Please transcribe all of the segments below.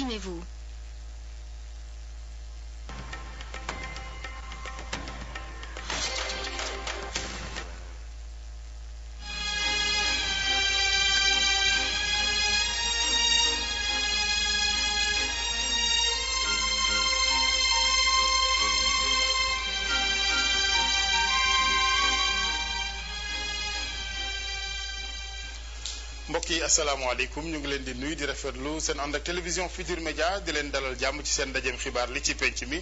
Exprimez-vous asalaamaaleykum ñu ngi leen di nuyu di rafetlu seen ànd ak télévision Futur Média di leen dalal jàmm ci seen ndajeem xibaar li ci penc mi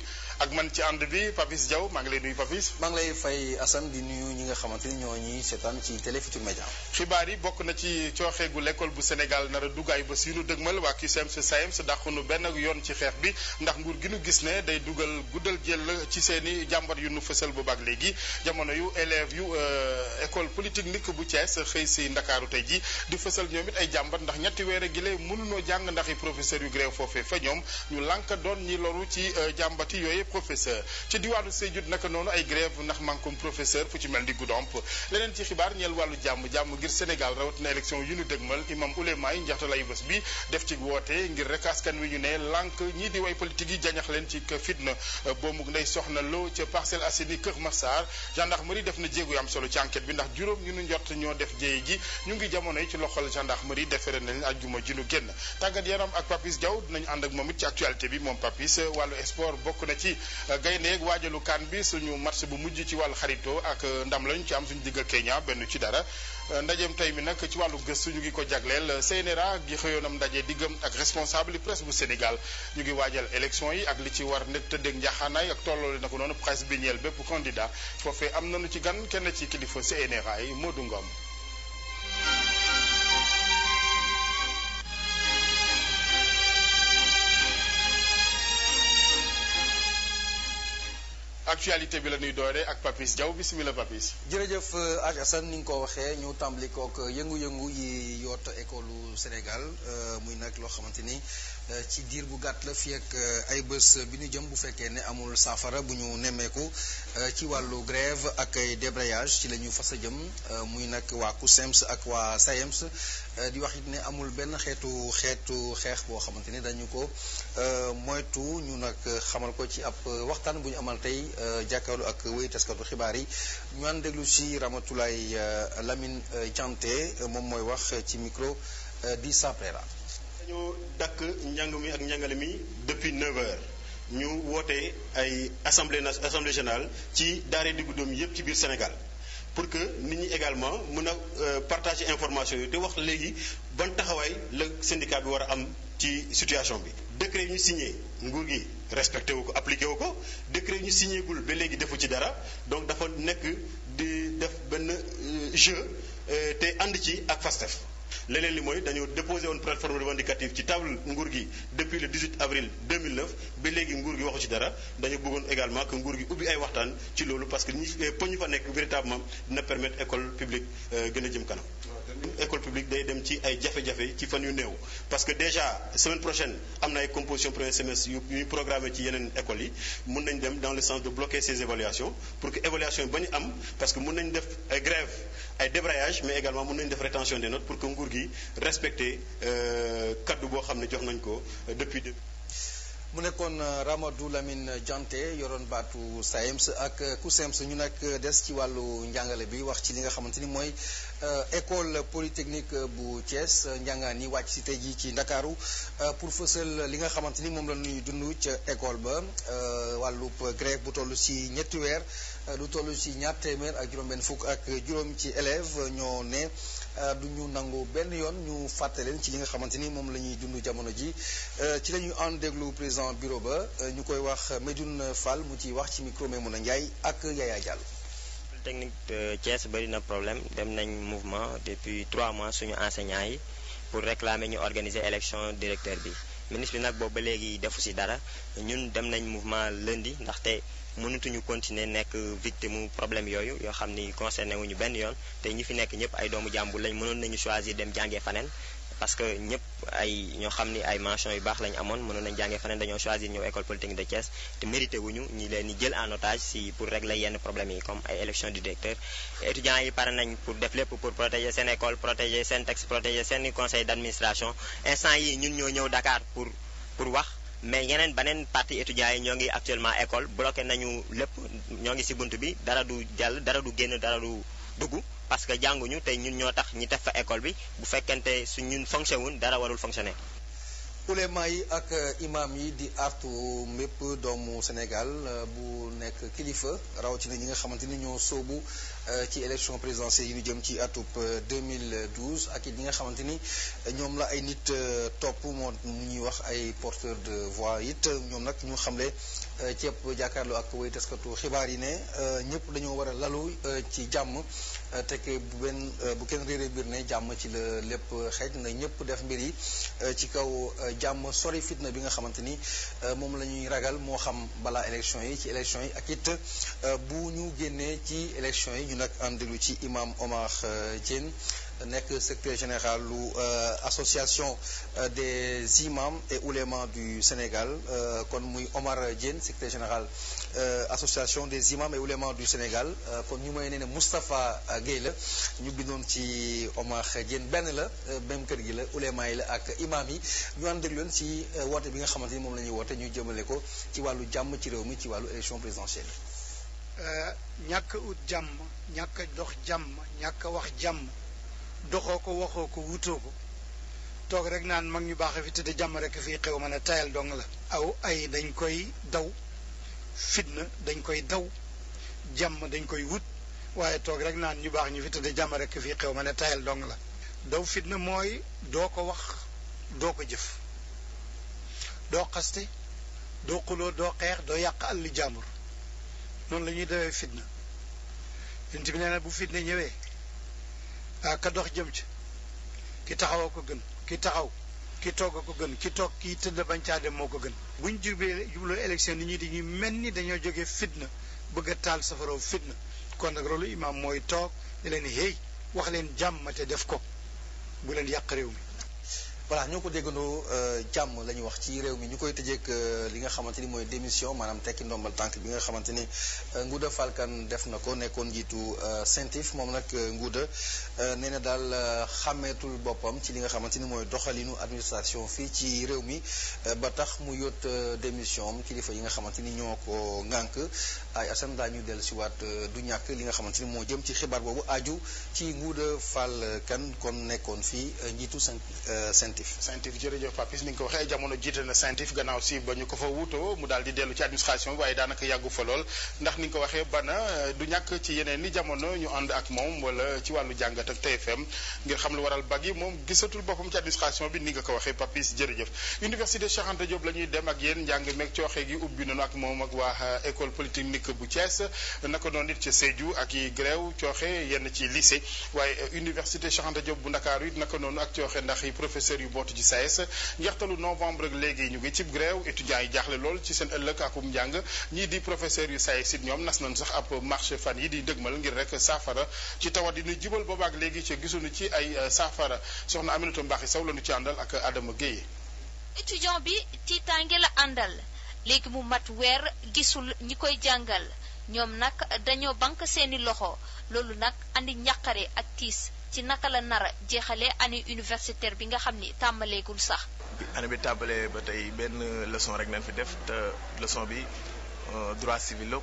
ak man ci ànd bi Papis jaw maa ngi leen nuyu Papis. maa ngi lay fay Assane di nuyu ñi nga xamante ni ñoo ñuy seetaan ci télé Futur Média. xibaar yi bokk na ci cooxeegu lekkool bu Sénégal nar a dugg ay bés yu nu dëgmal waa CUSEMS SAEMS dàqunu benn yoon ci xeex bi ndax nguur gi nu gis ne day dugal guddal jël ci seen i jàmbar yu nu fësal boobaag léegi jamono yu élèves yu euh, école polytechnique bu Thiès xëy si Ndakaaru tey ji di fësal ñoom it ay jàmbat ndax ñetti weer a gile mënunoo jàng ndax i professeur yu grève foofee fa ñoom ñu lànk doon ñi loru ci euh, jàmbati yooyu professeur ci diwaanu Sédhiou naka noonu ay grève ndax mankum professeur fu ci mel di Goudomp leneen ci xibaar ñeel wàllu jàmm jàmm ngir Sénégal rawat na élection yu ñu dëgmal imam ulema yi njaxta lay bés bi def ci woote ngir rek askan wi ñu ne lànk ñii di way politique yi jañax leen ci fitna boo euh, boomug ndey soxna loo ca Parcelles Assainies Kër Massar gendarmerie def na jéego am solo ci enquête bi ndax juróom ñu nu ñoo def jéye ji ñu ngi jamono yi ci loxol gendarme gendarmerie defere nañ leen ajjuma ji nu génn tàggat yaram ak Papis jaw dinañ ànd ak moom it ci actualité bi moom Papis wàllu sport bokk na ci gaynde yeeg waajalu kaan bi suñu match bu mujj ci wàllu xarito ak ndam lañ ci am suñu digg Kenya benn ci dara ndajeem tey mi nag ci wàllu gëstu ñu ngi ko jagleel CNRA gi xëyoonam ndaje diggam ak responsable presse bu Sénégal ñu ngi waajal élection yi ak li ci war nekk tëddeeg njaaxaanaay ak tolloole na ko noonu presse bi ñeel bépp candidat foofee am nañu ci gan kenn ci kilifa CNRA yi Modou Ngom actualité bi la ñuy dooree ak Papis bi bisimilah Papis. jërëjëf Hadj euh, Assane ni nga ko waxee ñu tàmbali kook yëngu-yëngu yi yoot école Sénégal euh, muy nag loo xamante ni euh, ci diir bu gàtt la fii ak ay bés bi ñu jëm bu fekkee ne amul saafara bu ñu nemmeeku ci wàllu grève ak débrayage ci la ñu fas a jëm muy nag waa CUSEMS ak waa SAEMS. Euh, di wax it ne amul benn xeetu xeetu xeex boo xamante ne dañu ko euh, moytu ñu nag euh, xamal ko ci ab waxtaan bu ñu amal tey jàkkaarlu ak wéy taskatu xibaar yi ñu ànd déglu si Ramatoulaye Lamine Dianté moom mooy wax ci micro di Saprera. dañoo dakk njàng mi ak njàngale mi depuis 9 ñu woote ay assemblée assemblée générale ci daare diggu doom yépp ci biir Sénégal. pour que nit ñi également mën a euh, partager information yi te wax léegi ban taxawaay la syndicat bi war a am ci situation bi décret yi ñu signé nguur gi respecté wu ko appliqué wu ko décret yi ñu signé ba léegi defu ci dara donc dafa nekk di def benn euh, jeu euh, te ànd ci ak FASTEF leneen li mooy dañoo déposé woon plateforme revendicative ci table nguur gi depuis le 18 avril 2009 ba léegi nguur gi waxu ci dara dañu bëggoon également que nguur gi ubbi ay waxtaan ci loolu parce que ñi eh, poñ ñu fa nekk véritablement dina permettre école publique euh, gën a jëm kanam école publique day dem ci ay jafe-jafe ci fan yu néew parce que déjà semaine prochaine am na ay composition premier semestre ci yeneen écoles yi mun nañ dem dans le sens de bloquer ces évaluations pour que évaluation ba ñu am parce que mun nañ def ay grève ay débrayage mais également mun nañ def rétention des notes pour que nguur gi respecter euh, kaddu boo xam ne jox nañ ko euh, depuis mu nekkoon euh, Ramadou lamin jante yoroon baatu SAEMS ak CUSEMS euh, ñu nag des ci wàllu njàngale bi wax ci li nga xamante ni mooy euh, école polytechnique bu Thiès njàngaan yi wàcc si tey jii ci Ndakaaru pour fësal li nga xamante ni moom la ñuy dund ca école ba wàllu grève bu toll si ñetti weer lu toll si ñaar téeméer ak juróom-benn fukk ak juróom ci élèves ñoo ne. Euh, du ñu nangu benn yoon ñu fàtte leen ci li nga xamante ni moom la ñuy dund jamono ji euh, ci la ñuy ànd déglu président bureau ba euh, ñu koy wax Medoune Fall mu ci wax ci mun a Ndiaye ak Yaya Diallo. technique de Thiès bëri na problème dem nañ mouvement depuis trois mois suñu enseignants yi pour réclamer ñu organiser élection directeur bi ministre bi nag boobu ba léegi defu si dara ñun dem nañ mouvement lëndi ndaxte. mënatuñu continuer nekk victime problème yooyu yoo xam ni concerné wuñu benn yoon te fi nekk ñëpp ay doomu jàmbur lañ mënoon nañu choisir dem jàngee faneen parce que ñëpp ay ñoo xam ni ay mention yu baax lañu nañ jàngee faneen dañoo choisir ñëw école polytechnique de Thiès te mérité wuñu ñi leen di jël en conseil d'administration instant yi ñun ñoo ñëw Dakar pour wax mais yeneen beneen partie étudiants yi ñoo ngi actuellement école bloqué nañu lépp ñoo ngi ci bunt bi dara du jàll dara du génn dara du dugg parce que jànguñu te ñun ñoo tax ñi def fa école bi bu fekkante su ñun fonctionné wun dara warul fonctionné ulema yi ak euh, imaam yi di artu mépp doomu Sénégal euh, bu nekk kilifa rawatina ñi nga xamante ni ñoo sóobu euh, ci élection présidentielle yi ñu jëm ci atub 2012 ak it ñi nga xamante ni ñoom la ay nit topp moo ñuy wax ay porteur de voix it ñoom nag ñu xamle ceeb jàkkaarloo ak way taskatu xibaar yi ne ñëpp dañoo war a lalu ci jàmm Euh, te bu benn euh, bu kenn réeree mbir ne jàmm ci la lépp xeej na ñëpp def mbir yi euh, ci kaw jàmm sori fitna bi nga xamante ni moom la ñuy ragal moo xam balaa élection yi ci élection yi ak it bu ñu génnee ci élection yi ñu nag ànd déglu ci imam Omar Diène nekk secrétaire général lu euh, euh, euh, association des imams et oulémas du Sénégal kon muy Omar Diène secrétaire général association des imams et oulémas du Sénégal kon ñu may nee ne Moustapha Guèye la ñu bindoon ci Omar Diène benn la même kër gi la ouléma yi la ak imam yi ñu ànd ak leen ci woote bi nga xamante ni moom la ñuy woote ñu jëmale ko ci wàllu jàmm ci réew mi ci wàllu élection présidentielle ñàkk ut jàmm ñàkk dox jàmm ñàkk wax jàmm doxoo ko waxoo ko wutoo ko toog rek naan mag ñu baax a fi tëdd jàmm rekk fii xew ma ne tayal dong la. aw ay dañ koy daw fitna dañ koy daw jàmm dañ koy wut waaye toog rek naan ñu baax ñu fi tëdd jàmm rek fii xew ma ne tayal dong la. daw fitna mooy doo ko wax doo ko jëf doo xaste doo xuloo doo xeex doo yàq àll jàmbur noonu la ñuy dawee fitna yonent bi nee na bu fitna ñëwee. ah ka dox jëm ci ki taxaw a ko gën ki taxaw ki toog a ko gën ki toog kii tëdd bañ caa dem moo ko gën. bu ñu jubee jubloo élection nit ñi dañuy mel ni dañoo jógee fitna bëgg a taal safaroo fitna kon nag loolu imaam mooy toog ne leen hey wax leen jàmm te def ko bu leen yàq réew mi. voilà ñoo ko déggandoo euh, jàmm la ñuy wax ci réew mi ñu koy tëjeek euh, li nga xamante ni mooy démission maanaam tekki ndombal tànk bi nga xamante ni euh, Ngouda Fall def na ko nekkoon njiitu CENTIF moom nag Ngouda nee na daal xàmmeetul boppam ci li nga xamante ni mooy doxalinu administration fii ci réew mi ba tax mu yot démission am kilifa yi nga xamante ni ñoo ko ngànk ay Assane daañu dellu si waat euh, du ñàkk li nga xamante ni moo jëm ci xibaar boobu aju ci Ngouda Fall Kane kon nekkoon fii euh, njiitu CENTIF. Euh, CENTIF jërëjëf Papis ni nga ko waxee jamono jiite na CENTIF gannaaw si ba ñu ko fa wuutoo mu daal di dellu ci administration bi waaye daanaka yàggu fa lool ndax ni nga ko waxee bana du ñàkk ci yeneen ni jamono ñu ànd ak moom wala ci wàllu jàngat ak TFM ngir xam lu waral bag yi moom gisatul boppam ci administration bi ni nga ko waxee Papis jërëjëf université Cheikh dëkk bu Thiès naka noonu it ca Sédhiou ak yi Gréew cooxe yenn ci lycée waaye euh, université Cheikh Anta Diop bu Ndakaaru it naka noonu ak cooxe ndax yi professeur yu bootu ci SAES e njeextalu novembre léegi ñu ngi cib gréew étudiants yi jaaxle lool ci seen ëllëg akum njàng ñii di professeur yu SAES e it ñoom nas nañ sax ab marché fan yi di dëgmal ngir rek saafara ci tawat yi ñu jibal boobaak léegi ci gisuñu ci ay euh, saafara soxna Aminata Mbaxi Sow la ñu ci àndal ak Adama Guèye léegi mu mat weer gisul ñi koy jàngal ñoom nag dañoo bank seeni loxo loolu nag andi njàqare ak tiis ci naka la nar a jeexalee année universitaire bi nga xam ni tàmbaleegul sax. année bi tàmbalee ba tey benn leçon rek nañ fi def te leçon bi. Euh, droit civil la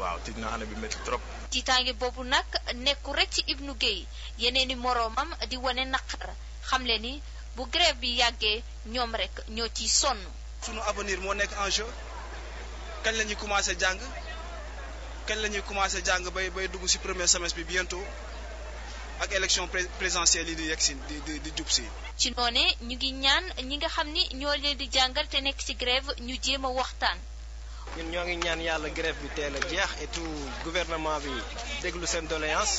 waaw tiit naa ne bi métti trop. tiitaange boobu nag nekku rek ci Ibnu Guèye yeneen i moroomam di wane naqar xam le ni bu grève bi yàggee ñoom rek ñoo ciy sonn. sunu avenir moo nekk en jeu kañ la ñuy commencé jàng kañ la ñuy commencé jàng bay bay dugg ci premier semestre bi bientôt ak élection présidentielle yi di yegg si di di di jub si. ci noonee ñu ngi ñaan ñi nga xam ni ñoo leen di jàngal te nekk ci grève ñu jéem a waxtaan. ñun ñoo ngi ñaan yàlla grève bi teel a jeex et tout gouvernement bi déglu seen doléance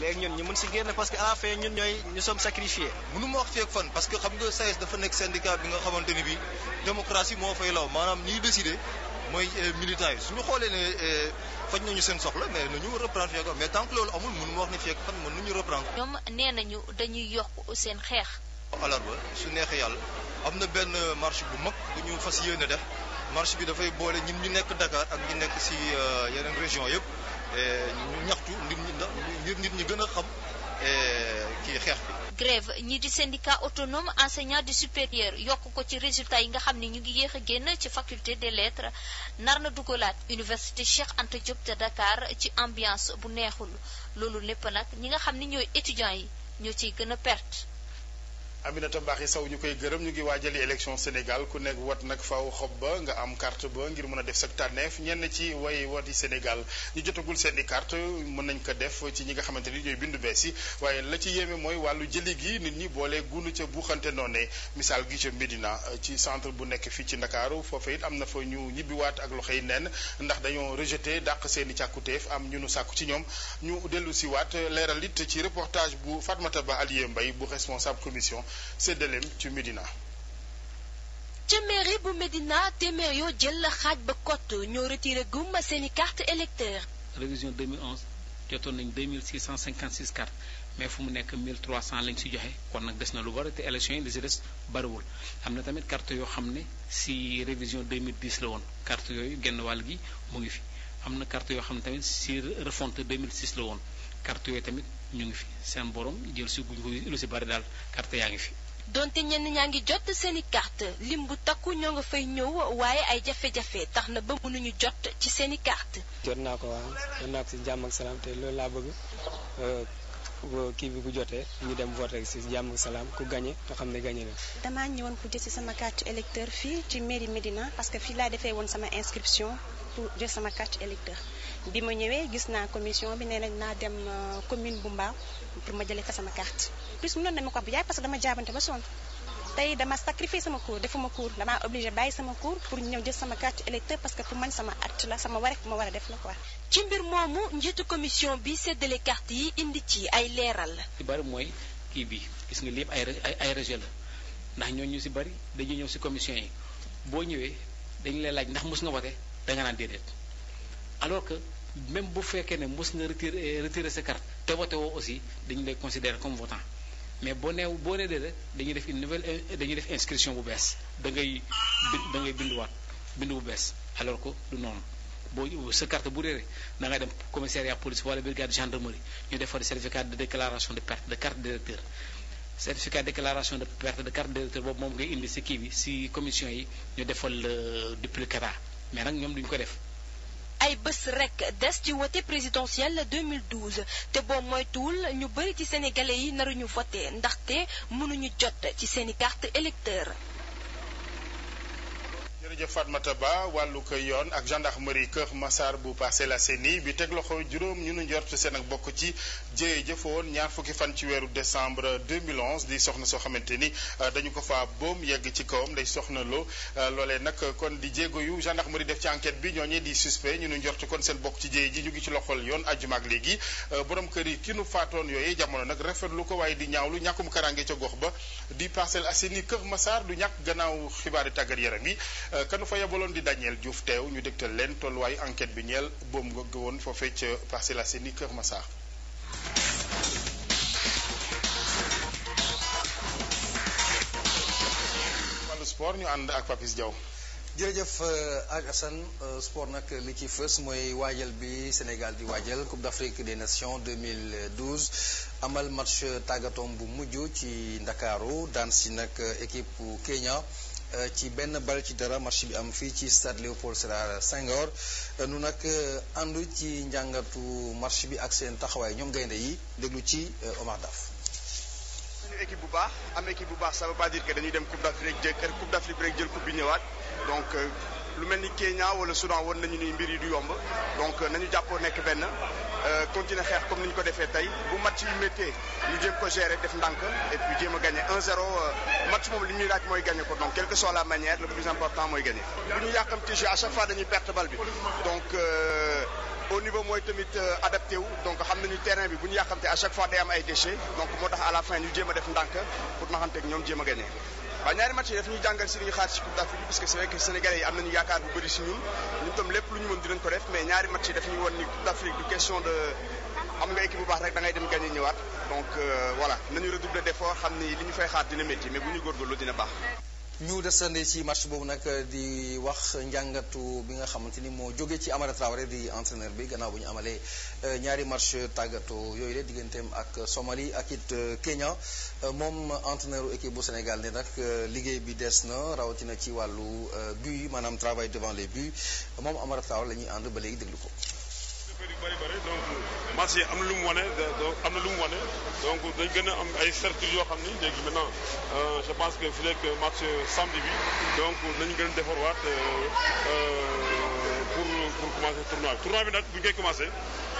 léegi ñun ñu mën si génn parce que à la ñun ñooy ñu sommes sacrifiés. mënu ma parce que xam nga SAES e dafa nekk syndicat bi nga xamante ni bii démocratie moo fay law maanaam ñiy décider mooy euh, militants yi suñu xoolee ne euh, faj nañu seen soxla mais nañu reprendre fii ak mais tant que loolu amul mënu ma wax ne fii ak fan mën nañu reprendre. ñoom nee nañu dañuy yokk seen xeex. alarba su neexee yàlla am na benn marche bu mag bu ñu fas yéene def. marche bi dafay boole ñun ñu nekk Dakar ak ñu nekk si euh, yeneen région yëpp ñu ñaxtu nit ñi ngir ñi gën a xam euh, kii xeex bi. grève ñii di syndicat autonome enseignant du supérieur yokk ko ci résultat yi nga xam ne ñu ngi yéex a génn ci faculté des lettres nar na dugalaat université Cheikh Anta Diop de Dakar ci ambiance bu neexul loolu lépp nag ñi nga xam ni ñooy étudiants yi ñoo ciy gën a perte. Aminata yi saw ñu koy gërëm ñu ngi waa waajali élection Sénégal ku nekk wat nag faw xob ba nga am carte ba ngir mën a def sa tànneef ñenn ci way wati Sénégal ñu jotagul seen i carte mën nañ ko def ci ñi nga xamante ni ñooy bindu bees yi waaye la ci yéeme mooy wàllu jëli gi nit ñi boole gunu ca buuxante noone misaal gi ca Médina ci centre bu nekk fii ci Ndakaaru foofu it am na fa ñu ñibbiwaat ak loxo yi neen ndax dañoo rejeté dàq seen i càkkutéef am ñu nu sàkku ci ñoom ñu dellu siwaat leeral it ci reportage bu Fatmata Ba Alié Mbaye bu responsable commission séddaleem ci Médina ca mairie bu Médina téeméer yoo jël la xaaj ba kott ñoo retiré gum seeni carte électeur révision 2011 jotoon nañ 2656 cartes mais fu mu nekk 1300 lañ si joxe kon nag des na lu bari te élection yi li si des bariwul am na tamit carte yoo xam ne si révision 2010 la woon carte yooyu genn wàll gi mu ngi fi am na carte yoo xam ne tamit si refonte 2006 la woon carte yooyu tamit ñu ngi fi seen borom jël si guñ lu si bari daal carte yaa ngi fi. donte ñenn ñaa ngi jot seeni carte lim bu takku ñoo nga fay ñëw waaye ay jafe-jafe tax na ba mënuñu jot ci seeni carte jot naa ko waaw jot naa ko si jàmm ak salaam te loolu laa bëgg euh, kii bi bu jotee ñu dem voté si jàmm ak salaam ku gañe nga xam ne gañe na. damaa ñëwoon pour jël si sama carte électeur fii ci mairie Médina parce que fii laa defee woon sama inscription pour jël sama carte électeur bi ma ñëwee gis naa commission bi nee nañ naa dem euh, commune bu Mbao pour ma jëlee fa sama carte plus mënoon na ma ko wax bu yaay parce que dama jaabante ba son tey dama sacrifié sama cours ma cours damaa obliger bàyyi sama cours pour ñëw jël sama carte électeur parce que pour man sama acte la sama waref bu ma war a def na la quoi. ci mbir moomu njiitu commission bi séddale carte yi indi ci ay leeral. ci bari mooy kii bi gis nga lépp ay ay rejet la ndax ñooñu ñu si bari dañuy ñëw si commission yi boo ñëwee dañu lay laaj ndax mos nga wote da nga naan alors que même bu fekkee ne mos nga retiré eh, retiré sa carte te voté woo aussi dañu lay considere comme votant mais boo new boo nee déedéet dañuy def une nouvelle eh, dañu def inscription bu bees da ngay da ngay binduwaat bindu bu bees alors ko du noonu boo sa carte bu réeré da ngay dem commissariat police wala brigade gendarmerie ñu defar certificat de déclaration de perte de carte d'électeur certificat déclaration de perte de carte d'électeur boobu moom ngay indi si kii bi si commission yi ñu defal euh, duplicat mais nag ñoom duñu ko def. ay bés rek des ci wote présidentielle 2012 te boo moytuwul ñu bari ci sénégalais yi naruñu voté ndaxte mënuñu jot ci seeni carte électeur jërëjëf Fatmata Ba wàllu ko yoon ak gendarmerie Kër Massar bu Parcelles Assainies bi teg loxo juróom ñu nu njort seen ak bokk ci jëye jëfoon ñaar fukki fan ci weeru décembre 2011 di soxna soo xamante ni euh, dañu ko fa boom yegg ci kawam day soxna loo euh, loolee nag kon di jéego yu gendarmerie def ci enquête bi ñooñee di suspect ñu nu njort kon seen bokk ci jëye ji ñu ngi ci loxol yoon ajjuma ak léegi euh, borom kër yi ki nu faatoon yooyu jamono nag rafetlu ko waaye di ñaawlu ñàkkum karange ca gox ba di Parcelles Assainies Kër Massar lu ñàkk gannaaw xibaari tàggat yaram yi ka nu fa yebaloon di Daniel Diouf teew ñu dégtal leen tolluwaayu enquête bi ñeel boom nga gëwoon foofee ca Parcelles Assainies Kër Massar. wàllu sport ñu ànd ak Papis Diaw. Euh, euh, nag li ci fës mooy waajal bi Sénégal di waajal Coupe d'Afrique des Nations amal match tàggatoom bu mujj ci Ndakaaru daan si nag euh, équipe bu Kenya. ci benn bal ci dara match bi am fii ci stade Léopold Sédar Senghor nu nag euh, ànd ci njàngatu match bi ak seen taxawaay ñoom gaynde yi déglu ci euh, Omar Daf. équipe bu baax am équipe bu baax ça veut pas dire dañuy dem coupe d'Afrique jël euh, coupe d'Afrique rek jël coupe bi ñëwaat donc. lu mel ni Kenya wala Soudan woon nañu ni mbir yi du yomb donc nañu jàppoo nekk benn Euh, continuer xeex comme ni ñu ko defee tey bu match yi méttee ñu jéem ko gérer def ndànk et puis jéem a gagné 1-0 euh, match moom li ñuy laaj mooy gagné ko donc quelle que soit la manière le plus important mooy gagné. bu ñu yàqamti jeu à chaque fois dañuy perte bal bi donc euh, au niveau mooy tamit adapté wu donc xam nañu terrain bi bu ñu yàqamte à chaque fois day am ay déchets donc moo tax à la fin ñu jéem a def ndànk pour naxanteeg ñoom jéem a gagné. waaw ñaari match yi daf ñuy jàngal si li ñu xaar si Coupe d'Afrique parce que c'est vrai que sénégalais yi am nañu yaakaar bu bëri si ñun ñun tam lépp lu ñu mën dinañ ko def mais ñaari match yi daf ñuy won ni Coupe d'Afrique du question de am nga équipe bu baax rek da ngay dem gagné ñëwaat donc euh, voilà nañu redoubler d'effort xam ni li ñu fay xaar dina métti mais bu ñu góorgóorloo dina baax ñu desandi ci match boobu nag euh, di wax njàngatu bi nga xamante ni moo jóge ci Amara Traoré di entraîneur bi gannaaw bu ñu amalee euh, ñaari match tàggatoo yooyu la digganteem ak somali ak it euh, Kenya moom entraîneur équipe bu Sénégal ne nag liggéey bi des na rawatina ci wàllu but maanaam travail devant les buts moom Amara Traoré la ñuy ànd ba léegi déglu ko. marché yi am na lu mu wane am na lu mu wane donc dañ gën a am ay certitudes yoo xam ni léegi maintenant euh, je pense que fi nekk marché samedi bi donc nañu gën a defarwaat euh, euh, pour pour commencer tournoi bi tournoi bi nag bu ñu koy commencé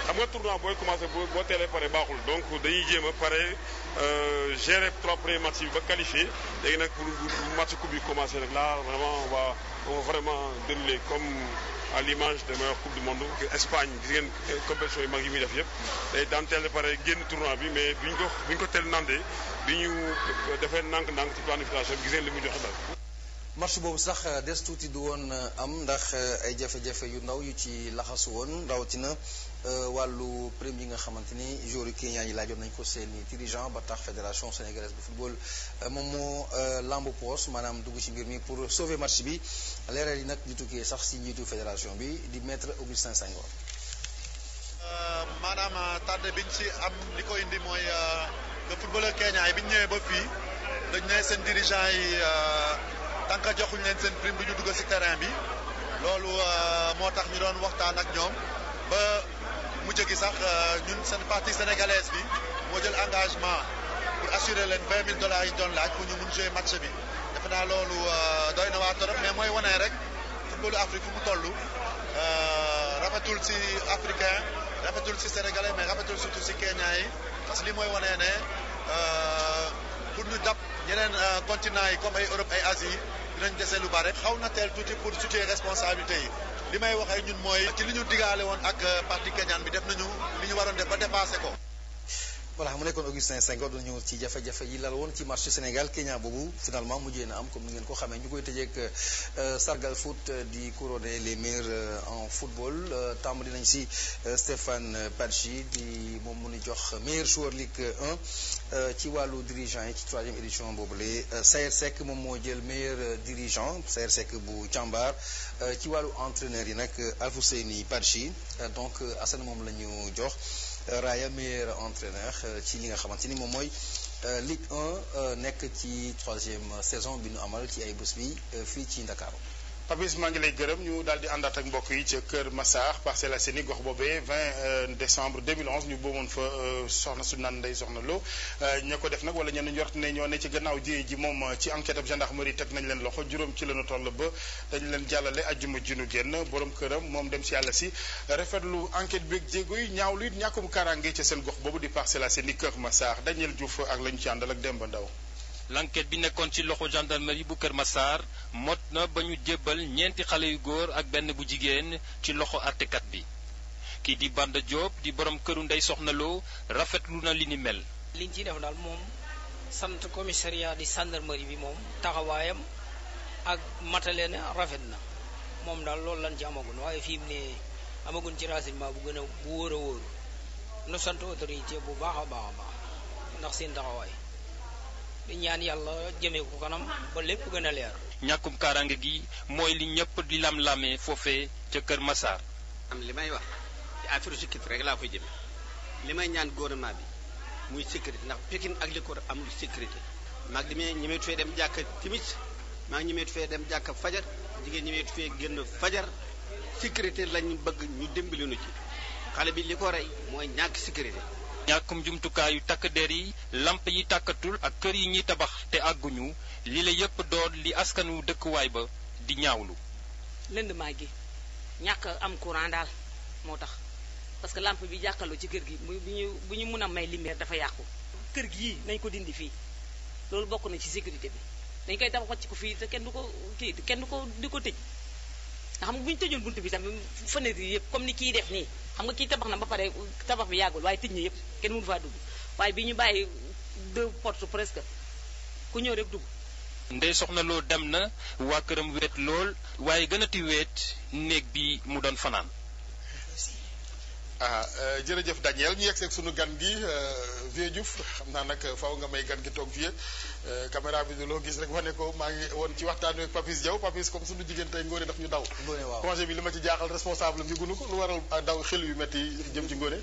xam nga tournoi booy commencé boo teelee pare baaxul donc dañuy jéem a pare euh, gérer trois premiers matchs yi ba qualifié léegi nag pour match coupe bi commencé nag là vraiment on va vraiment dérouler comme à l'image des meilleures coupes du monde Espagne gis ngeen euh, compétition yu mag yi muy def yëpp day daan teel pare génn tournoi bi mais bi ñu ko bi ko teel nandee bi ñu defee ndànk-ndànk ci planification bi ngeen li mu jox daal match boobu sax euh, des tuuti du woon am ndax ay jafe-jafe yu ndaw yu ci laxasu woon rawatina Euh, wàllu prime yi nga xamante ni joueurs yu Kenya yi laajoon nañ ko seen i dirigeant ba tax fédération sénégalaise bu football euh, moom moo euh, lamb poos maanaam dugg ci mbir mi pour sauver match bi leeral yi nag di tukkee sax si njiitu fédération bi di maître Augustin Senghor. maanaam tardé biñ ci am li ko indi mooy le footballeur Kenya yi biñ ñëwee ba fii dañ ne seen dirigeant yi tant que joxuñ leen seen prime bi ñu dugg ci terrain bi loolu moo tax ñu doon waxtaan ak ñoom mujj gi sax euh, ñun seen partie sénégalaise bi moo jël engagement pour assurer leen vingt mille dollars yi ñu doon laaj pour ñu mun jouer match bi defe naa loolu euh, doy na waa torop mais mooy wane rek footballu Afrique fu mu toll euh, rafetul si africain rafetul si sénégalais mais rafetul surtout si Kenya yi parce que li mooy wane ne pour ñu dab yeneen continent yi comme ay Europe ay Asie dinañ dese lu bare xaw na teel tuuti pour situer responsabilité yi. li may wax ak ñun mooy ci li ñu digaale woon ak euh, parti Keñaan bi def nañu li ñu waroon def ba dépassé ko. voilà mu nekkoon Augustin Senghor doon ñëw ci jafe-jafe yi lal woon ci marché Sénégal Kenya boobu finalement mu na am comme ni ngeen ko xamee ñu koy tëjee ak euh, sargal foot euh, di couronner les maire en football tàmbali nañ si Stéphane Badji di moom mu ni jox meilleur joueur Ligue 1 ci wàllu dirigeant yi ci troisième édition boobule Sayer Seck moom moo jël meilleur dirigeant Sayer bu Jambar Euh, ci wàllu entraîneur yi nag euh, Alfousseyni Badji euh, donc Assane moom la ñu jox raaya meilleur entraîneur ci li nga xamante ni moom mooy Ligue 1 nekk ci troisième saison bi ñu amal ci ay bés bi fii ci Ndakaaru Papis maa ngi lay gërëm ñu daal di àndaat ak mbokk yi ca Kër Massar Parcelles seeni gox boobee 20 euh, décembre 2011 ñu boomoon fa euh, soxna su naan Ndeye Soxna Lo euh, ña ko def nag wala ñenn njort ne ñoo ne ci gannaaw jiyee ji moom ci enquête ab gendarmerie teg nañ leen loxo juróom ci lañu toll ba dañ leen jàllale ajjuma ji nu génn borom këram moom dem si yàlla si rafetlu enquête beeg jéego yi ñaaw lu it ñàkkum kaaraange ca seen gox boobu di Parcelles seeni Kër Massar Daniel Diouf ak lañu ci àndal ak Demba Ndaw l'enquête bi nekkoon ci loxo gendarmerie bu Kër Massar mot na ba ñu jébbal ñeenti xale yu góor ak benn bu jigéen ci loxo àttekat bi kii di band Diop di borom këru Ndey Soxna Lo rafetlu na li ni mel. liñ ciy def daal moom sant commissariat di gendarmerie bi moom taxawaayam ak matale na rafet na moom daal loolu lañ ci amagun waaye fii mu ne amagun ci renseignement bu gën a bu wóor a wóor nu bu baax a baax baax ndax seen taxawaay. ñaan yàlla jëmee ko kanam ba lépp ñàkkum kaaraange gi mooy li ñëpp di lam-lamee foofee ca Kër Massar. am li may wax ci affaire sécurité rek laa koy jëme li may ñaan gouvernement bi muy sécurité ndax Pikine ak li am amul sécurité. maag li may ñemeetu fee dem jàkka timis maa ngi fee dem jàkka fajar jigéen ñemeetu fee génn fajar sécurité lañ bëgg ñu dimbali ci xale bi li ko rey mooy ñàkk sécurité. ñàkkum jumtukaayu takk der yi làmp yi tàkkatul ak kër yi ñuy tabax te àgguñu li la yépp doon li askanu dëkkuwaay ba di ñaawlu lëndmaa gi ñàkk am courant daal moo tax parce que lamp bi jàkkaloo ci kër gi bu ñu bu ñu mën a may lumière dafa yàqu kër gi yii nañ ko dindi fii loolu bokk na ci sécurité bi dañ koy tabax wàcc ko fii te kenn du ko kii kenn du ko di ko tëj nga xam nga bu ñu tëjoon buntu bi tam fenêtre yi yëpp comme ni kii def nii xam nga kii tabax na ba pare tabax bi yàggul waaye tëj na yëpp kenn mënu faa dugg waaye bi ñu bàyyi deux portes presque ku ñëw rek dugg ndey soxna loo dem na waa këram weet lool waaye gën a ti weet néeg bi mu doon fanaan ah euh, jërëjëf Daniel ñu yegg seeg sunu gan gi euh, Vieux Diouf xam naa nag faw nga may gan gi toog Vieux caméra bi du loo gis rek wane ko maa ngi woon ci waxtaan wi Papis Diaw Papis comme suñu jigéen tey ngóone daf ñu daw congé bi li ma ci jaaxal responsable bi gunu ko lu waral daw xel yu métti jëm ci ngóone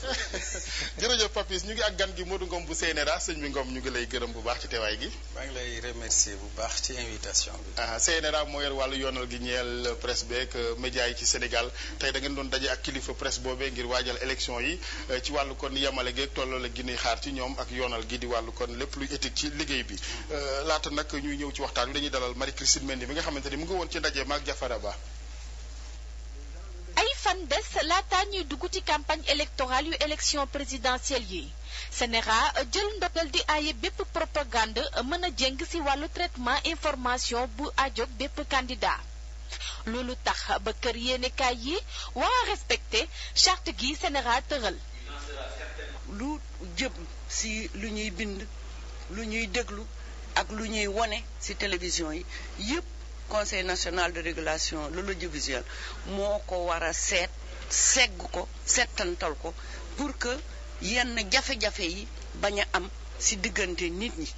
jërëjëf Papis ñu ngi ak gan gi Modou Ngom bu CNRA sëñ bi Ngom ñu ngi lay gërëm bu baax ci teewaay gi maa ngi lay remercier bu baax ci invitation bi CNRA ah, moo yor wàllu yoonal gi ñeel presse beeg euh, média yi ci Sénégal tey da ngeen doon daje ak kilifa presse boobee ngir waajal élection yi euh, ci wàllu kon yemale geeg toll loolu la Guinée xaar ci ñoom ak yoonal gi di wàllu kon lépp luy éthique ci liggéey bi euh, ñuy ñëw ci waxtaan wi dañuy dalal Marie Christine Mendy mi nga xamante ni mu ngi woon ci ndaje maak Jafara ay fan des laata ñuy dugg ci campagne électorale yu élection présidentielle yi sénéra jël ndogal di aaye bépp propagande mën a jéng ci wàllu traitement information bu ajog bépp candidat loolu tax ba kër yéenekaay yi war a charte gi sénéra tëral jëm si lu ñuy bind lu ñuy déglu ak lu ñuy wone si télévision yi yépp conseil national de régulation de l'audiovisuel moo ko war a seet segg ko settantal ko pour que yenn jafe-jafe yi bañ a am si diggante nit ñi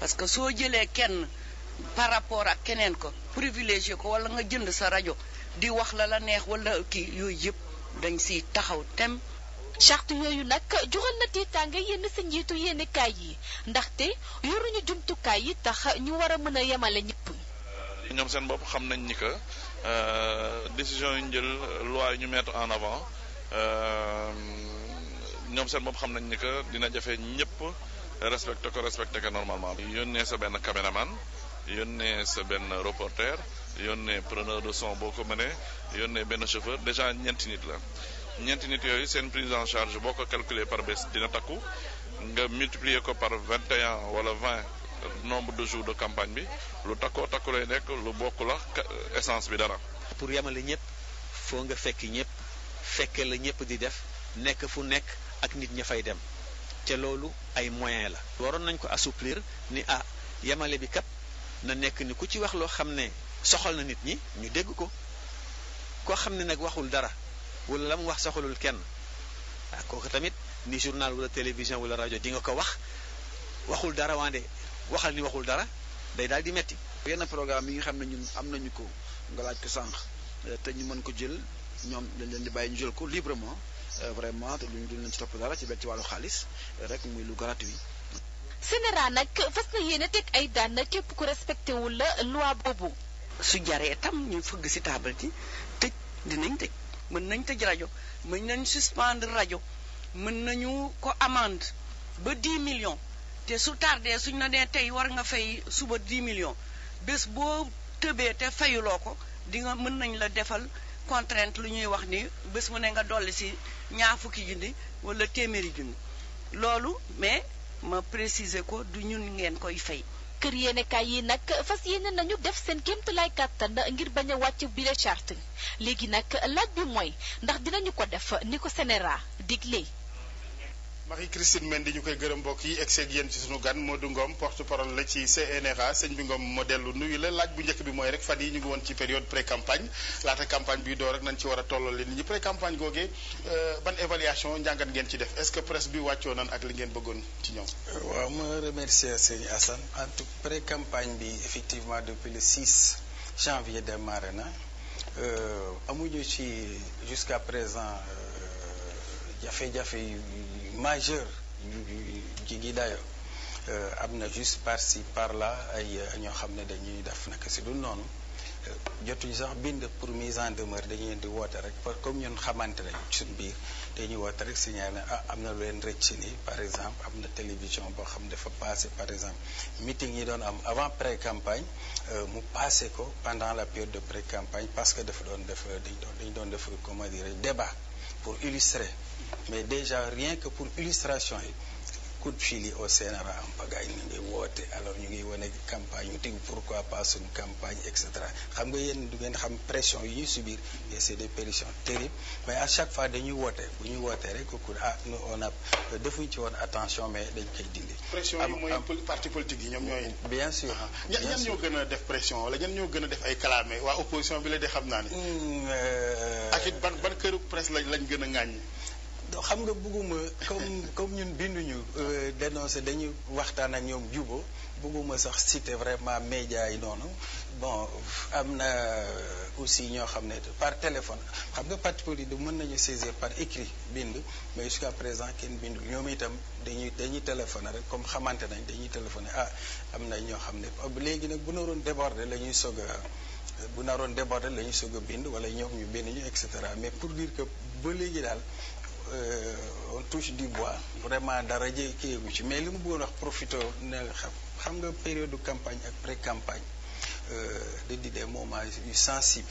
parce que soo jëlee kenn par rapport ak keneen ko privilégié ko wala nga jënd sa rajo di wax la la neex wala kii yooyu yëpp dañ siy taxaw tem charte yooyu nag jural na tiitaange yenn sa njiitu yéenekaay yi ndaxte yoruñu jumtukaay yi tax ñu war a mën a yemale ñëpp. ñoom seen bopp xam nañ ni que euh, décision yi ñu jël loi ñu mettre en avant euh, ñoom seen bopp xam nañ ni que dina jafe ñëpp respecté ko respecté ko normalement. yónnee sa benn caméraman yónnee sa benn reporter yónnee preneur de son boo ko mënee yónnee benn chauffeur déjà ñeenti nit la. ñeenti nit yooyu seen prise en charge boo ko calculer par bés dina takku nga multiplier ko par vingt et un wala vingt nombre de jours de campagne bi lu takkoo takku lay nekk lu bokk la euh, essence bi dara. pour yamale ñëpp foo nga fekk ñëpp fekkee la ñëpp di def nekk fu nekk ak nit ña fay dem te loolu ay moyen la. waroon nañ ko assouplir ni ah yamale bi kat na nekk ni ku ci wax loo xam ne soxal na nit ñi ñu dégg ko koo xam ne nag waxul dara. wala la mu wax soxalul kenn ah kooku tamit ni journal wala télévision wala rajo di nga ko wax waxul dara wande waxal ni waxul dara day daal di metti yenn programme yi nga xam ne ñun am nañu ko nga laaj ko sànq eh, te ñu mën ko jël ñoom dañ leen di bàyyi ñu jël ko librement eh, vraiment te lu ñu duñ leen ci topp dara ci benn ci wàllu xaalis rek muy lu gratuit. CNRA nag fas na yéene teg ay daan képp ko respecté wul la loi boobu. su jaree tam ñu fëgg si taabal ji tëj dinañ tëj. mën nañ tëj rajo mën nañ suspendre rajo mën nañu ko amende ba 10 million te su tardé suñ na nee tey war nga fay suba 10 million bés boo tëbee te fayuloo ko di mën nañ la defal contrainte lu ñuy wax ni bés mu ne nga dolli si ñaar fukki junni wala téeméeri junni loolu mais ma préciser ko du ñun ngeen koy fay kër yéenekaay yi nag fas yéene nañu def seen laay kàttan ngir bañ a wàcc bile charte léegi nag laaj bi mooy ndax dinañu ko def ni ko CNRA diglee Marie-Christine Mendy ñu koy gërëm mbokk yi egg seeg yéen ci sunu gan Modou Ngom porte-parole la ci CNRA sëñ bi Ngom moo dellu nuyu la laaj bu njëkk bi mooy rek fan yi ñu ngi woon ci période pré-campagne laata campagne bi door nañ ci war a tolloo li nit ñi pré-campagne googee euh, ban évaluation njàngat ngeen ci def est-ce que presse bi wàccoo nan ak li ngeen bëggoon ci ñoom. Euh, waaw ma remercier sëñ Assane en tout pré-campagne bi effectivement depuis le 6 janvier démarré na euh, amuñu ci jusqu'à présent jafe-jafe majeur yu jigi dayo euh, am na juste par ci par la ay euh, ñoo xam ne dañuy def naka si du noonu euh, jotuñu sax bind pour mise en demeure dañu leen di woote rek par comme ñun xamante nañ suñ biir dañuy woote rek signalé ne ah am na lu leen rëcc nii par exemple am na télévision boo xam ne dafa passé par exemple meeting yi doon am avant pré-campagne mu passé ko pendant la période de pré-campagne parce que dafa doon def dañ doon dañ doon def comment dire débat pour illustrer mais déjà rien que pour illustration yi coup de au CNRA en pagaille ñu ngi woote alors ñu ngi wane campagne ñu tegu pourquoi pas suñu campagne et cetera xam nga yéen du ngeen xam pression yi ñuy subir et c'est des pressions terribles mais à chaque fois dañuy woote bu ñuy wootee rek kooku ah nous on a defuñ ci woon attention mais dañ koy dindi. pression yi mooy parti yi ñoom ñooy. bien sûr ah, ah. bien ñan ñoo gën a def pression wala ñan ñoo gën a def ay kalaame waa opposition bi la xam naa ni. Hmm, euh. ak it ban ban këru presse lañ lañ gën a ŋàññi. xam nga bëgguma comme comme ñun binduñu euh, dénoncé dañuy waxtaan ak ñoom jubo bëgguma sax citer vraiment média yi noonu bon am na euh, aussi ñoo xam ne par téléphone xam nga parti politique mën nañu saisir par écrit bind mais jusqu'à présent kenn bindu ñoom itam dañuy dañuy téléphoné rek comme xamante nañ dañuy téléphoné ah am na ñoo xam ne oh, léegi nag bu naroon débordé la ñuy soog a bu naroon débordé la ñuy soog a bind wala ñoom ñu benn ñu et cetera mais pour dire ko ba léegi daal Euh, on touche du bois vraiment dara ji kiigu ci mais li mu bëggoon wax profito ne xam xam nga période campagne ak pré campagne euh, da di des moments yu sensibles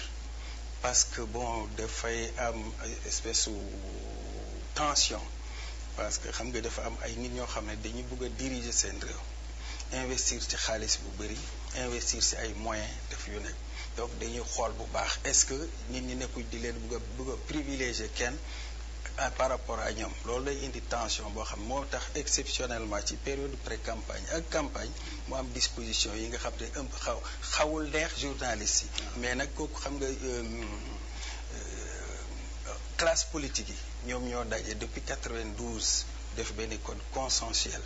parce que bon dafay am espèce u tension parce que xam nga dafa am ay nit ñoo xam ne dañu bëgg a diriger seen réew investir ci xaalis bu bëri investir ci ay moyens daf yu nekk donc dañuy xool bu baax est-ce que nit ñi nekkul di leen bëgg a bëgg a privilégier kenn par rapport a ñoom loolu day indi tension boo xam moo tax exceptionnellement ci période pré-campagne ak campagne mu am disposition yi nga xam ne ëmb xaw xawul neex journaliste yi ah. mais nag kooku xam nga euh, euh, classe politique yi ñoom ñoo daje depuis 92 def benn code consensuel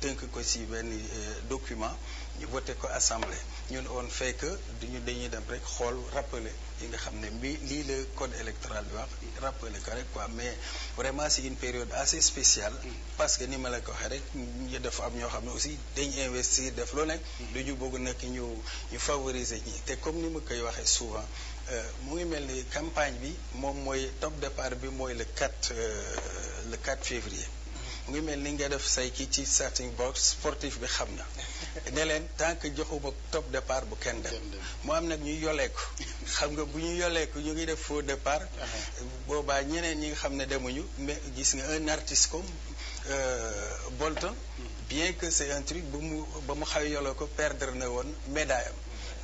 tënk ko ci benn euh, document ñu voté ko assemblée ne on fait que duñu dañuy dem rek xool rappeler yi nga xam ne mbi lii la code électoral bi wax rappelé ko rek quoi mais vraiment c'est une période assez spéciale mm. parce que ni ma la ko waxee rek ñu def am ñoo xam ne aussi dañ investir def lu nekk du mm. ñu bëgg nag ñu ñu favoriser ñi te comme ni ma koy waxee souvent euh, mu ngi mel ni campagne bi moom mooy top départ bi mooy le 4 euh, le 4 février mm. mu ngi mel ni nga def say kii ci starting box sportif bi xam na ne leen tant que joxuma top part bu kenn dem mu am nag ñuy yoleeku xam nga bu ñu yolee ko ñu ngi def faux départ uh-huh. boobaa ñeneen ñi nga xam ne demuñu mais gis nga un artiste comme euh, Bolton hmm. bien que c'est un truc ba mu ba mu xaw yolee ko perdre na woon médaille am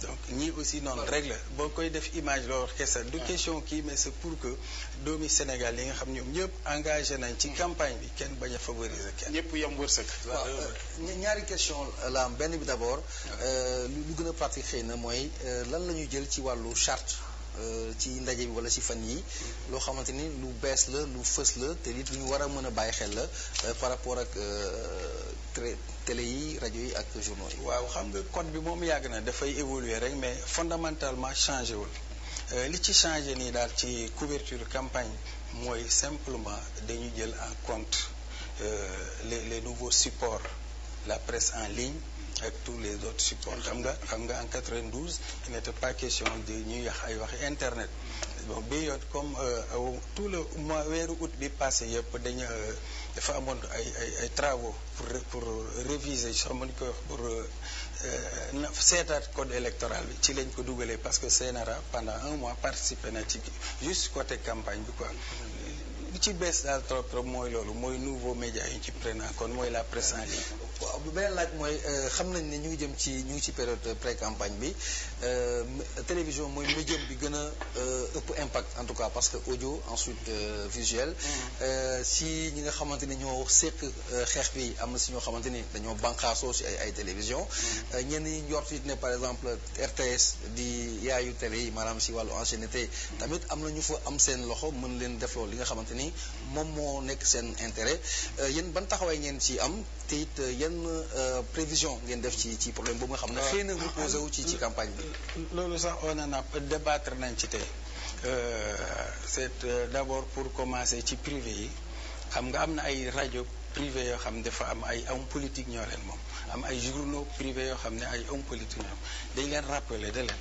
donc ñii aussi noonu rek la boo koy def image loolu kese du ah. question kii mais c'est pour que doomi Sénégal yi nga xam ñoom ñëpp engagé nañ ci hmm. campagne bi kenn bañ a favoriser kenn. ñëpp yam wërsëg. Euh, ñaari question la am benn bi d'abord euh, lu gën a pratique xëy na mooy euh, lan la ñuy jël ci wàllu charte. Euh, ci ndaje bi wala ci fan yi loo xamante ni lu bees la lu fës la te nit lu ñu war a mën a bàyyi xel la euh, par rapport ak euh, tele yi rajo yi ak journaux yi. waaw xam nga code bi moom yàgg na dafay évoluer rek mais fondamentalement changé wul li ci changé nii daal ci couverture campagne mooy simplement dañu jël en compte les les nouveaux supports la presse en ligne. ak tous les autres supports xam nga xam nga en 92 il n'était pas question di ñu yax ay wax internet bon bii yoon comme euh, tous le mois weeru août bi passé yëpp dañ euh, dafa amoon ay ay ay travaux pour pour réviser xamuñ ko pour euh, seetaat code électoral bi ci lañ ko dugalee parce que CNRA pendant un mois participé na ci juste côté campagne bi quoi li ci bees daal trop trop mooy loolu mooy nouveau média yi ci prenant kon mooy la presse en ligne. waaw bu beneen laaj mooy euh, xam nañ ne ñu ngi jëm ci ñu ngi ci période pré campagne bi euh, télévision mooy médium bi gën a euh, ëpp impact en tout cas parce que audio ensuite visuel. Mm. si ñi nga xamante ni ñoo seq xeex bi am na si ñoo xamante ni dañoo bànqaasoo si ay ay télévision mm. ñenn ñi njort it ne par exemple RTS di yaayu télé yi maanaam si wàllu ancienneté. Mm. tamit am na ñu fa am seen loxo mën leen defloo li nga xamante ni. ni moom moo nekk seen intérêt euh, yéen ban taxawaay ngeen ci am te it euh, yan euh, prévision ngeen def ci ci problème boobu nga xam ne xëy na reposé wu ci ci campagne bi loolu sax on en a débattre nañ ci tey c'est d'abord pour commencer ci privé yi xam nga am na ay rajo privé yoo xam ne dafa am ay homme politique ñoo leen moom am ay journaux privé yoo xam ne ay homme politique ñoom dañ leen rappeler da leen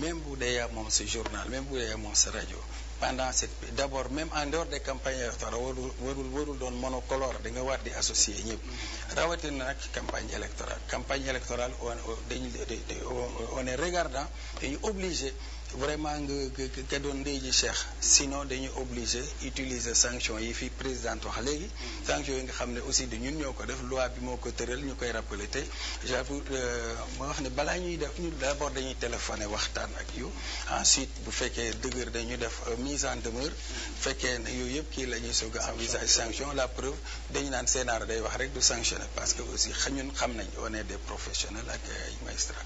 même bu dee yaa moom sa journal même bu dee yaa moom sa rajo pendant cette d'abord même en dehors des campagnes électorales warul warul warul doon monocolore da nga war di associer ñëpp rawatina nag campagne électorale campagne électorale on dañu on est regardant et obligé vraiment nga nga doon ndey ji cheikh sinon dañuy obligé utiliser sanction yi fi présidente wax léegi mm-hmm. sanction yi nga xam ne aussi de ñun ñoo ko def loi bi moo ko tëral ñu koy rappelé te j'avoue euh, ma wax ne balaa ñuy def ñu d'abord dañuy téléphoné waxtaan ak yu ensuite bu fekkee dëgër dañu def euh, mise en demeure mm-hmm. fekkee yooyu yëpp kii la ñuy soog a envisage sanction la preuve dañu naan scénario day wax rek du sanctionné parce que aussi ñun xam nañ on de des a ak ay magistrats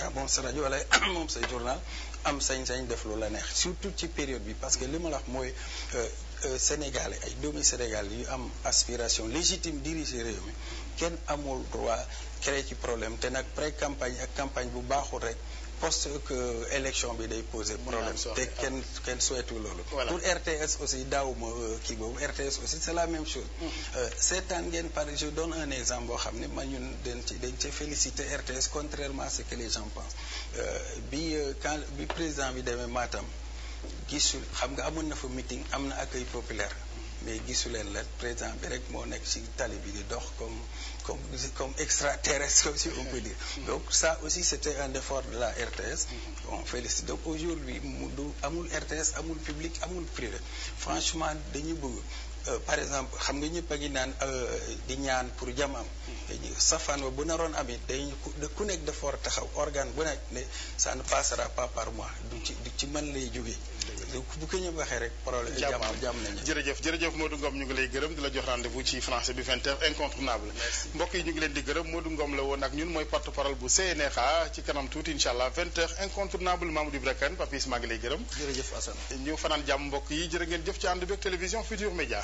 yaa ah moom sa rajo wala moom say journal am sañ-sañ def lu la neex surtout ci période bi parce que li ma la wax mooy euh, euh, sénégalais ay doomi Sénégal yu am aspiration légitime diriger réew mi kenn amul droit créer ci problème te nag pré campagne ak campagne bu baaxul rek poste que élection bi day poser problème te kenn kenn souhaitu loolu pour RTS aussi daawuma euh, kii boobu RTS aussi c'est la même chose mm. euh, seetaan ngeen par je donne un exemple boo xam ne ma ñun dañ ci dañ ci féliciter RTS contrairement à ce que les gens pensent euh, bi quand bi président bi demee Matam gisul xam nga amoon na fa meeting am na accueil populaire mais gisuleen la président bi rek moo nekk ci tali bi di dox comme comme comme extraterrestre comme si on peut dire mm-hmm. donc ça aussi c'était un effort de la RTS mm-hmm. on félicite donc aujourd'hui mu du amul RTS amul public amul privé franchement dañu bëgg Euh, par exemple xam nga ñëpp a ngi naan euh, di ñaan pour jàmm am mm-hmm. safaan bu naroon amee it day ku nekk dafa war taxaw organe bu nekk ne ça ne passera pas par moi du ci du ci man lay jóge bu ko ñëpp waxee rek problème jàmm jàmm jërëjëf jërëjëf Modou Ngom ñu ngi lay gërëm di la jox rendez-vous ci français bi 20 heures mbokk yi ñu ngi leen di gërëm Modou Ngom la woon ak ñun mooy porte parole bu CNRA ci kanam tuuti incha allah 20 heures incontournable Mamadou Ibra Kane Papis maa ngi lay gërëm jërëjëf Assane ñu fanaan jàmm mbokk yi jërë ngeen jëf ci ànd bi ak télévision Futur Média